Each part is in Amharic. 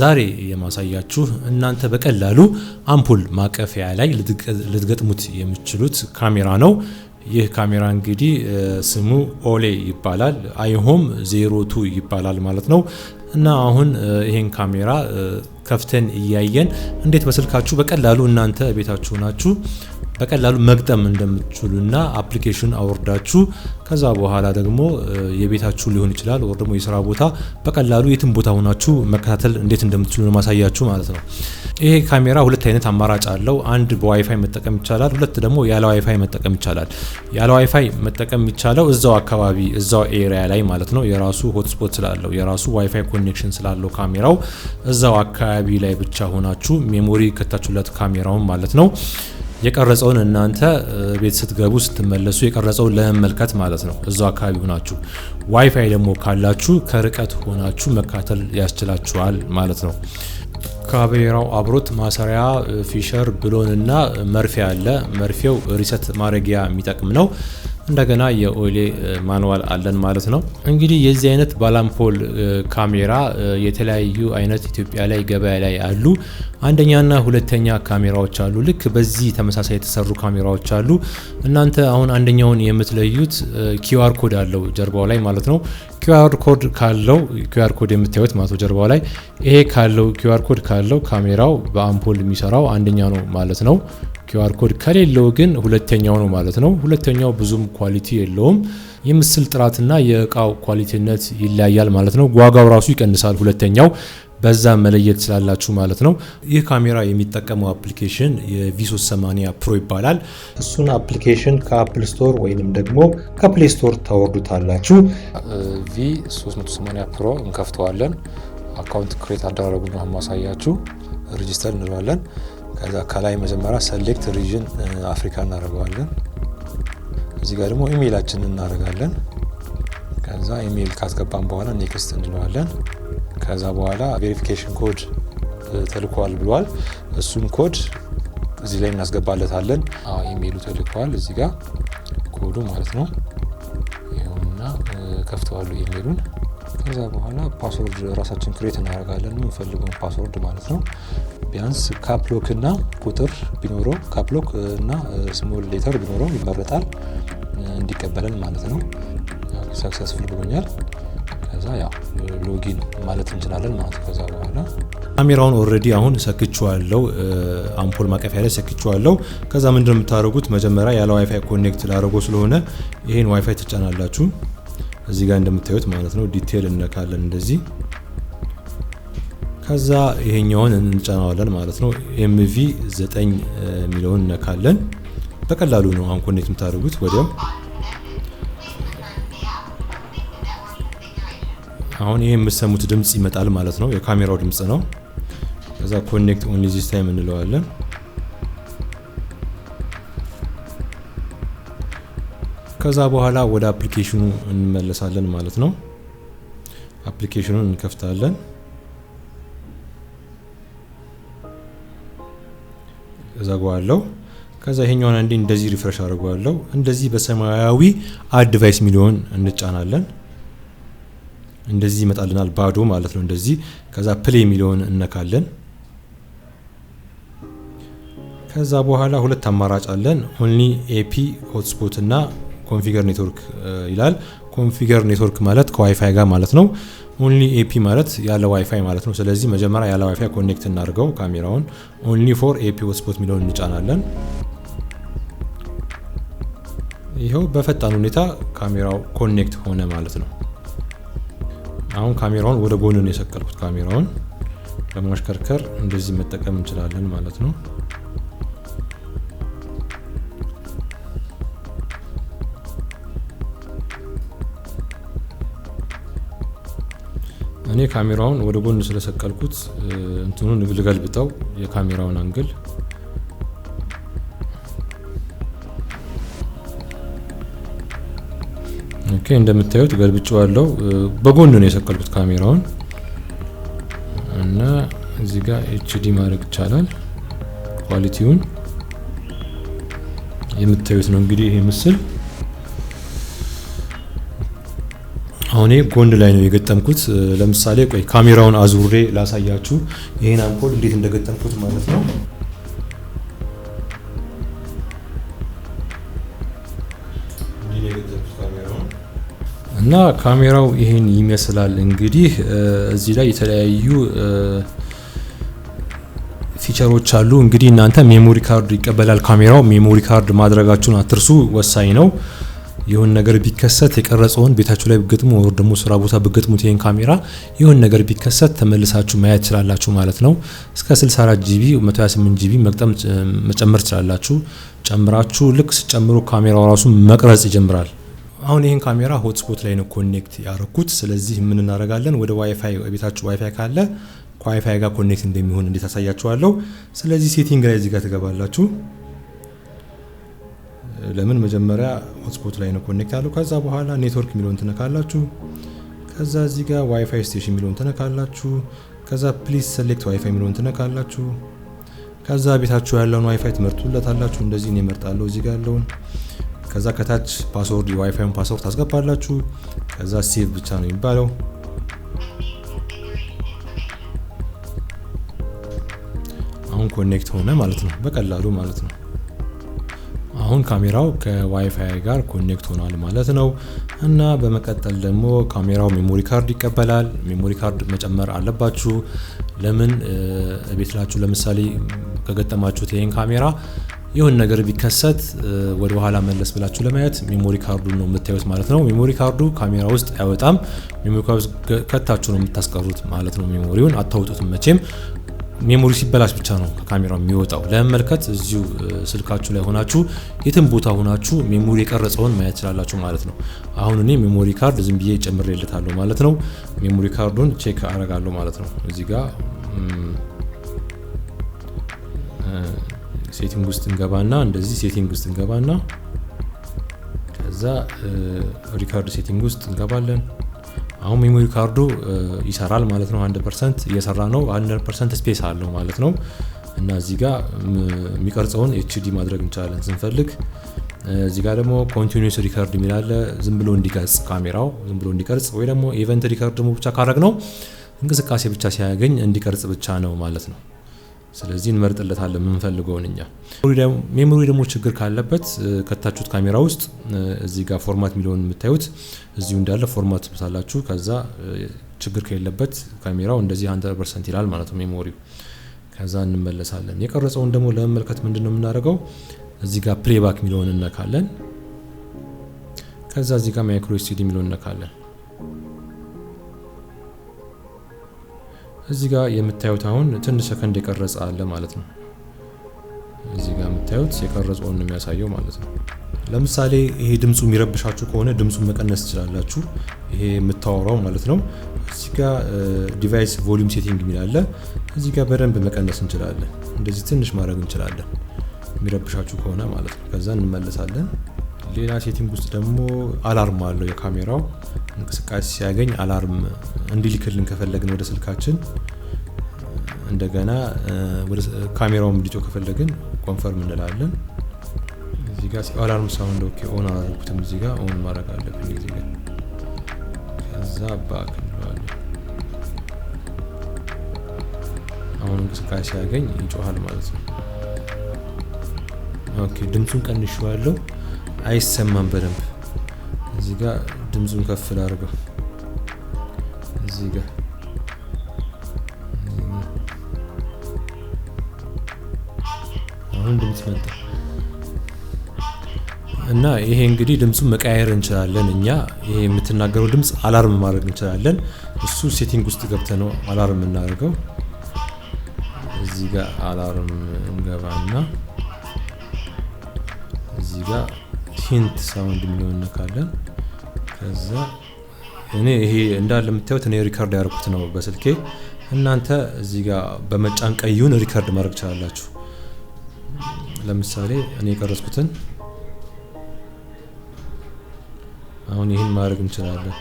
ዛሬ የማሳያችሁ እናንተ በቀላሉ አምፖል ማቀፊያ ላይ ልትገጥሙት የምችሉት ካሜራ ነው። ይህ ካሜራ እንግዲህ ስሙ ኦሌ ይባላል። አይሆም ዜሮ ቱ ይባላል ማለት ነው። እና አሁን ይሄን ካሜራ ከፍተን እያየን እንዴት በስልካችሁ በቀላሉ እናንተ ቤታችሁ ናችሁ በቀላሉ መግጠም እንደምትችሉ እና አፕሊኬሽን አውርዳችሁ ከዛ በኋላ ደግሞ የቤታችሁ ሊሆን ይችላል ወር ደግሞ የስራ ቦታ በቀላሉ የትም ቦታ ሆናችሁ መከታተል እንዴት እንደምትችሉ ማሳያችሁ ማለት ነው። ይሄ ካሜራ ሁለት አይነት አማራጭ አለው። አንድ በዋይፋይ መጠቀም ይቻላል፣ ሁለት ደግሞ ያለ ዋይፋይ መጠቀም ይቻላል። ያለ ዋይፋይ መጠቀም የሚቻለው እዛው አካባቢ እዛው ኤሪያ ላይ ማለት ነው። የራሱ ሆትስፖት ስላለው የራሱ ዋይፋይ ኮኔክሽን ስላለው ካሜራው እዛው አካባቢ ላይ ብቻ ሆናችሁ ሜሞሪ ከታችሁለት ካሜራውን ማለት ነው የቀረጸውን እናንተ ቤት ስትገቡ ስትመለሱ የቀረጸውን ለመመልከት ማለት ነው፣ እዛው አካባቢ ሆናችሁ። ዋይፋይ ደግሞ ካላችሁ ከርቀት ሆናችሁ መካተል ያስችላችኋል ማለት ነው። ካሜራው አብሮት ማሰሪያ ፊሸር ብሎንና መርፌ አለ። መርፌው ሪሰት ማድረጊያ የሚጠቅም ነው። እንደገና የኦሌ ማንዋል አለን ማለት ነው። እንግዲህ የዚህ አይነት ባላምፖል ካሜራ የተለያዩ አይነት ኢትዮጵያ ላይ ገበያ ላይ አሉ። አንደኛና ሁለተኛ ካሜራዎች አሉ። ልክ በዚህ ተመሳሳይ የተሰሩ ካሜራዎች አሉ። እናንተ አሁን አንደኛውን የምትለዩት ኪዋር ኮድ አለው ጀርባው ላይ ማለት ነው። ኪዩአር ኮድ ካለው ኪዩአር ኮድ የምታዩት ማለት ጀርባው ላይ ይሄ ካለው ኪዩአር ኮድ ካለው ካሜራው በአምፖል የሚሰራው አንደኛ ነው ማለት ነው። ኪዩአር ኮድ ከሌለው ግን ሁለተኛው ነው ማለት ነው። ሁለተኛው ብዙም ኳሊቲ የለውም። የምስል ጥራትና የእቃው ኳሊቲነት ይለያያል ማለት ነው። ዋጋው ራሱ ይቀንሳል ሁለተኛው በዛ መለየት ስላላችሁ ማለት ነው። ይህ ካሜራ የሚጠቀመው አፕሊኬሽን የቪ380 ፕሮ ይባላል። እሱን አፕሊኬሽን ከአፕል ስቶር ወይንም ደግሞ ከፕሌይ ስቶር ታወርዱታላችሁ። ቪ380 ፕሮ እንከፍተዋለን። አካውንት ክሬት አደራረጉ ነው ማሳያችሁ። ሬጅስተር እንለዋለን። ከዛ ከላይ መጀመሪያ ሰሌክት ሪጅን አፍሪካ እናደርገዋለን። እዚህ ጋር ደግሞ ኢሜይላችን እናደርጋለን። ከዛ ኢሜይል ካስገባን በኋላ ኔክስት እንለዋለን። ከዛ በኋላ ቬሪፊኬሽን ኮድ ተልኳል ብሏል። እሱን ኮድ እዚህ ላይ እናስገባለታለን። ኢሜይሉ ተልኳል እዚህ ጋር ኮዱ ማለት ነው። ይሁንና ከፍተዋሉ ኢሜይሉን። ከዛ በኋላ ፓስወርድ ራሳችን ክሬት እናደርጋለን፣ የምንፈልገውን ፓስወርድ ማለት ነው። ቢያንስ ካፕሎክ እና ቁጥር ቢኖረው ካፕሎክ እና ስሞል ሌተር ቢኖረው ይመረጣል፣ እንዲቀበለን ማለት ነው። ሰክሰስፉል ብሎኛል። ከዛ ያ ሎጊን ማለት እንችላለን ማለት ከዛ በኋላ ካሜራውን ኦልሬዲ አሁን ሰክቼዋለሁ፣ አምፖል ማቀፊያ ላይ ሰክቼዋለሁ። ከዛ ምንድነው የምታደርጉት መጀመሪያ ያለ ዋይፋይ ኮኔክት ላደረጎ ስለሆነ ይሄን ዋይፋይ ትጫናላችሁ እዚህ ጋር እንደምታዩት ማለት ነው። ዲቴል እንነካለን እንደዚህ ከዛ ይሄኛውን እንጫናዋለን ማለት ነው። ኤምቪ 9 የሚለውን እነካለን። በቀላሉ ነው አሁን ኮኔክት የምታደርጉት ወዲያው አሁን ይህ የምሰሙት ድምፅ ይመጣል ማለት ነው። የካሜራው ድምፅ ነው። ከዛ ኮኔክት ኦንሊ ዚስ ታይም እንለዋለን። ከዛ በኋላ ወደ አፕሊኬሽኑ እንመለሳለን ማለት ነው። አፕሊኬሽኑን እንከፍታለን። እዘጋዋለሁ። ከዛ ይሄኛውን አንዴ እንደዚህ ሪፍሬሽ አድርጓለሁ። እንደዚህ በሰማያዊ አድቫይስ ሚሊዮን እንጫናለን። እንደዚህ ይመጣልናል፣ ባዶ ማለት ነው። እንደዚህ ከዛ ፕሌ የሚለውን እነካለን። ከዛ በኋላ ሁለት አማራጭ አለን። ኦንሊ ኤፒ ሆትስፖት እና ኮንፊገር ኔትወርክ ይላል። ኮንፊገር ኔትወርክ ማለት ከዋይፋይ ጋር ማለት ነው። ኦንሊ ኤፒ ማለት ያለ ዋይፋይ ማለት ነው። ስለዚህ መጀመሪያ ያለ ዋይፋይ ኮኔክት እናድርገው ካሜራውን። ኦንሊ ፎር ኤፒ ሆትስፖት የሚለውን እንጫናለን። ይኸው በፈጣን ሁኔታ ካሜራው ኮኔክት ሆነ ማለት ነው። አሁን ካሜራውን ወደ ጎን ነው የሰቀልኩት። ካሜራውን ለማሽከርከር እንደዚህ መጠቀም እንችላለን ማለት ነው። እኔ ካሜራውን ወደ ጎን ስለሰቀልኩት እንትኑን ልገልብጠው የካሜራውን አንግል ኦኬ እንደምታዩት ገልብጬዋለሁ። በጎን ነው የሰቀልኩት ካሜራውን እና እዚህ ጋር ኤችዲ ማድረግ ይቻላል። ኳሊቲውን የምታዩት ነው እንግዲህ ይሄ ምስል አሁን ጎን ላይ ነው የገጠምኩት። ለምሳሌ ቆይ ካሜራውን አዙሬ ላሳያችሁ ይሄን አምፖል እንዴት እንደገጠምኩት ማለት ነው። እና ካሜራው ይሄን ይመስላል። እንግዲህ እዚህ ላይ የተለያዩ ፊቸሮች አሉ። እንግዲህ እናንተ ሜሞሪ ካርድ ይቀበላል ካሜራው። ሜሞሪ ካርድ ማድረጋችሁን አትርሱ፣ ወሳኝ ነው። ይሁን ነገር ቢከሰት የቀረጸውን ቤታችሁ ላይ ብገጥሙ ወይ ደግሞ ስራ ቦታ ብገጥሙት ይሄን ካሜራ ይሁን ነገር ቢከሰት ተመልሳችሁ ማየት ትችላላችሁ ማለት ነው። እስከ 64 ጂቢ 128 ጂቢ መቅጠም መጨመር ትችላላችሁ። ጨምራችሁ ልክ ስጨምሩ ካሜራው ራሱ መቅረጽ ይጀምራል። አሁን ይህን ካሜራ ሆትስፖት ላይ ነው ኮኔክት ያረኩት። ስለዚህ ምን እናደርጋለን? ወደ ዋይፋይ ቤታችሁ ዋይፋይ ካለ ከዋይፋይ ጋር ኮኔክት እንደሚሆን እንዴት አሳያችኋለሁ። ስለዚህ ሴቲንግ ላይ እዚህ ጋር ትገባላችሁ። ለምን መጀመሪያ ሆትስፖት ላይ ነው ኮኔክት ያለው። ከዛ በኋላ ኔትወርክ የሚለውን ትነካላችሁ። ከዛ እዚህ ጋር ዋይፋይ ስቴሽን የሚለውን ትነካላችሁ። ከዛ ፕሊስ ሴሌክት ዋይፋይ የሚለውን ትነካላችሁ። ከዛ ቤታችሁ ያለውን ዋይፋይ ትመርጡለታላችሁ። እንደዚህ እኔ እመርጣለሁ እዚህ ጋር ያለውን ከዛ ከታች ፓስወርድ የዋይፋይን ፓስወርድ ታስገባላችሁ። ከዛ ሴቭ ብቻ ነው የሚባለው። አሁን ኮኔክት ሆነ ማለት ነው፣ በቀላሉ ማለት ነው። አሁን ካሜራው ከዋይፋይ ጋር ኮኔክት ሆኗል ማለት ነው። እና በመቀጠል ደግሞ ካሜራው ሜሞሪ ካርድ ይቀበላል። ሜሞሪ ካርድ መጨመር አለባችሁ። ለምን ቤት ላችሁ ለምሳሌ ከገጠማችሁት ይህን ካሜራ ይሁን ነገር ቢከሰት ወደ ኋላ መለስ ብላችሁ ለማየት ሜሞሪ ካርዱ ነው የምታዩት ማለት ነው። ሜሞሪ ካርዱ ካሜራ ውስጥ አይወጣም። ሜሞሪ ካርዱ ከታችሁ ነው የምታስቀሩት ማለት ነው። ሜሞሪውን አታውጡትም መቼም። ሜሞሪ ሲበላሽ ብቻ ነው ከካሜራው የሚወጣው። ለመመልከት እዚሁ ስልካችሁ ላይ ሆናችሁ የትም ቦታ ሆናችሁ ሜሞሪ የቀረጸውን ማየት ትችላላችሁ ማለት ነው። አሁን እኔ ሜሞሪ ካርድ ዝም ብዬ ጨምሬለታለሁ ማለት ነው። ሜሞሪ ካርዱን ቼክ አረጋለሁ ማለት ነው። እዚህ ጋር ሴቲንግ ውስጥ እንገባና እንደዚህ ሴቲንግ ውስጥ እንገባና ከዛ ሪካርድ ሴቲንግ ውስጥ እንገባለን። አሁን ሜሞሪ ካርዱ ይሰራል ማለት ነው። 1 ፐርሰንት እየሰራ ነው። 1 ፐርሰንት ስፔስ አለው ማለት ነው። እና እዚህ ጋር የሚቀርጸውን ኤችዲ ማድረግ እንችላለን ስንፈልግ። እዚህ ጋር ደግሞ ኮንቲኒስ ሪካርድ የሚላለ ዝም ብሎ እንዲቀርጽ ካሜራው ዝም ብሎ እንዲቀርጽ፣ ወይ ደግሞ ኢቨንት ሪካርድ ደግሞ ብቻ ካረግ ነው እንቅስቃሴ ብቻ ሲያገኝ እንዲቀርጽ ብቻ ነው ማለት ነው። ስለዚህ እንመርጥለታለን የምንፈልገውን እኛ። ሜሞሪ ደግሞ ችግር ካለበት ከታችሁት ካሜራ ውስጥ እዚህ ጋር ፎርማት የሚለውን የምታዩት እዚሁ እንዳለ ፎርማት ብታላችሁ፣ ከዛ ችግር ከሌለበት ካሜራው እንደዚህ 100 ፐርሰንት ይላል ማለት ነው ሜሞሪው። ከዛ እንመለሳለን። የቀረጸውን ደግሞ ለመመልከት ምንድን ነው የምናደርገው? እዚህ ጋር ፕሌባክ የሚለውን እነካለን። ከዛ እዚህ ጋር ማይክሮ ኤስዲ የሚለውን እነካለን። እዚህ ጋር የምታዩት አሁን ትንሽ ሰከንድ የቀረጸ አለ ማለት ነው። እዚህ ጋር የምታዩት የቀረጸውን ነው የሚያሳየው ማለት ነው። ለምሳሌ ይሄ ድምፁ የሚረብሻችሁ ከሆነ ድምፁን መቀነስ ትችላላችሁ። ይሄ የምታወራው ማለት ነው። እዚህ ጋር ዲቫይስ ቮሊዩም ሴቲንግ የሚላለ እዚህ ጋር በደንብ መቀነስ እንችላለን። እንደዚህ ትንሽ ማድረግ እንችላለን፣ የሚረብሻችሁ ከሆነ ማለት ነው። ከዛ እንመለሳለን። ሌላ ሴቲንግ ውስጥ ደግሞ አላርም አለው የካሜራው እንቅስቃሴ ሲያገኝ አላርም እንዲልክልን ከፈለግን ወደ ስልካችን እንደገና ካሜራውን ቪዲዮ ከፈለግን ኮንፈርም እንላለን። እዚህ ጋር አላርም ሳውንድ ኦኬ ኦን አላደረኩትም። እዚህ ጋር ኦን ማድረግ አለብን። ጋር ከዛ ባክ እንለዋለን። አሁን እንቅስቃሴ ሲያገኝ ይጮሃል ማለት ነው። ኦኬ ድምፁን ቀንሼዋለሁ፣ አይሰማም በደንብ እዚህ ጋር ድምፁን ከፍ ላድርገው። እዚህ ጋር አሁን ድምፅ መጣ እና ይሄ እንግዲህ ድምፁን መቀያየር እንችላለን እኛ። ይሄ የምትናገረው ድምፅ አላርም ማድረግ እንችላለን። እሱ ሴቲንግ ውስጥ ገብተ ነው አላርም የምናደርገው። እዚህ ጋር አላርም እንገባና እዚህ ጋር ሂንት ሳውንድ የሚለውን እንነካለን። ከዛ እኔ ይሄ እንዳለ የምታዩት እኔ ሪከርድ ያደርኩት ነው በስልኬ። እናንተ እዚህ ጋር በመጫን ቀዩን ሪከርድ ማድረግ ትችላላችሁ። ለምሳሌ እኔ የቀረጽኩትን አሁን ይህን ማድረግ እንችላለን።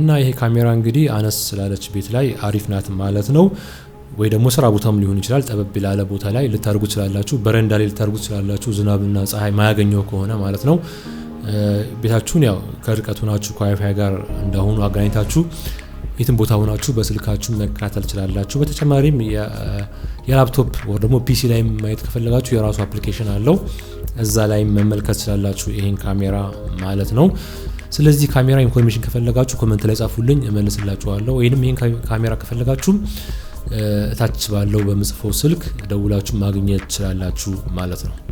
እና ይሄ ካሜራ እንግዲህ አነስ ስላለች ቤት ላይ አሪፍ ናት ማለት ነው። ወይ ደግሞ ስራ ቦታም ሊሆን ይችላል። ጠበብ ላለ ቦታ ላይ ልታደርጉ ትችላላችሁ። በረንዳ ላይ ልታደርጉ ትችላላችሁ። ዝናብና ፀሐይ ማያገኘው ከሆነ ማለት ነው። ቤታችሁን ያው ከርቀት ሆናችሁ ከዋይፋይ ጋር እንዳሁኑ አገናኝታችሁ የትም ቦታ ሆናችሁ በስልካችሁ መከታተል ትችላላችሁ። በተጨማሪም የላፕቶፕ ወይ ደግሞ ፒሲ ላይ ማየት ከፈለጋችሁ የራሱ አፕሊኬሽን አለው። እዛ ላይ መመልከት ትችላላችሁ፣ ይሄን ካሜራ ማለት ነው። ስለዚህ ካሜራ ኢንፎርሜሽን ከፈለጋችሁ ኮመንት ላይ ጻፉልኝ፣ እመልስላችኋለሁ። ወይንም ይህን ካሜራ ከፈለጋችሁም እታች ባለው በምጽፎ ስልክ ደውላችሁ ማግኘት ትችላላችሁ ማለት ነው።